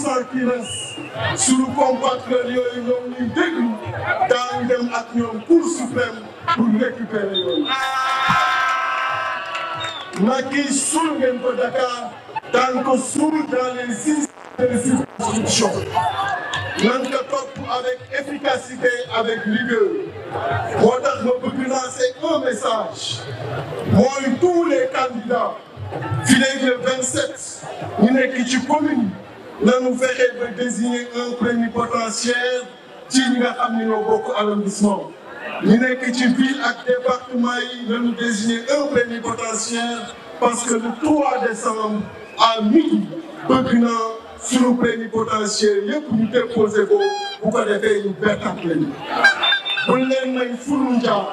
puissant sur le suñu compatriotes yooyu ñoom ñuy déglu daañu dem ak ñoom suprême pour récupérer La Macky suul ngeen ko Dakar daan ko dans les six circonscriptions. nan ko topp avec efficacité avec rigueur. moo tax ma bëgg un message. pour tous les candidats. du léegi 27. une équipe commune. nanu fexe ba désigner un plénipotentiaire ci ñi nga xam ni ñoo bokk arrondissement ñu nekk ci ville ak département yi nanu désigner un plénipotentiaire parce que le 3 décembre à midi bëgg naa suñu plénipotentiaire yëpp ñu déposé ko bu ko defee ñu bertat lañu bu leen may furu njaam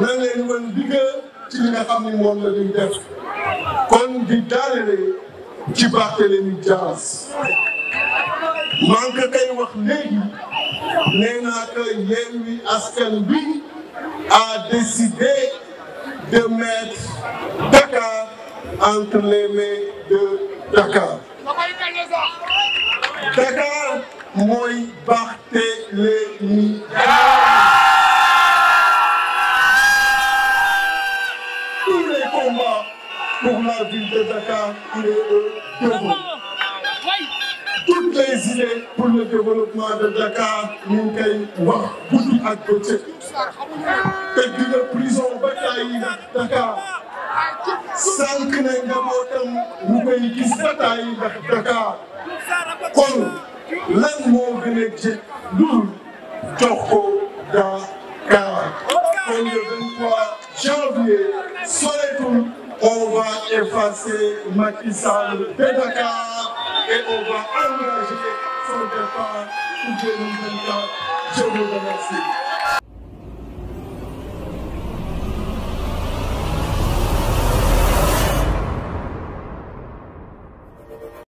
na leen wan digga ci nga xam ni moom la ñuy def kon di daanele ci Barthélémy Dias man ka kay wax léegi nee naa que Yewwi Askan Wi a décidé de mettre Dakar entre les mains de Dakar mooy Barthélémy Dias pour la ville de Dakar, il est au debout. Toutes les idées pour le développement de Dakar wax guddi ak bëccëg. te dina prison ba tàyyi Dakar. sànq na njabootam ñu koy gis ba tàyyi ndax Dakar. kon lan moo gën a jëkk dul jox ko Dakar. kon janvier soleil. on va effacer Macky Sall de Dakar et on va engager son départ pour 2024. Je vous remercie.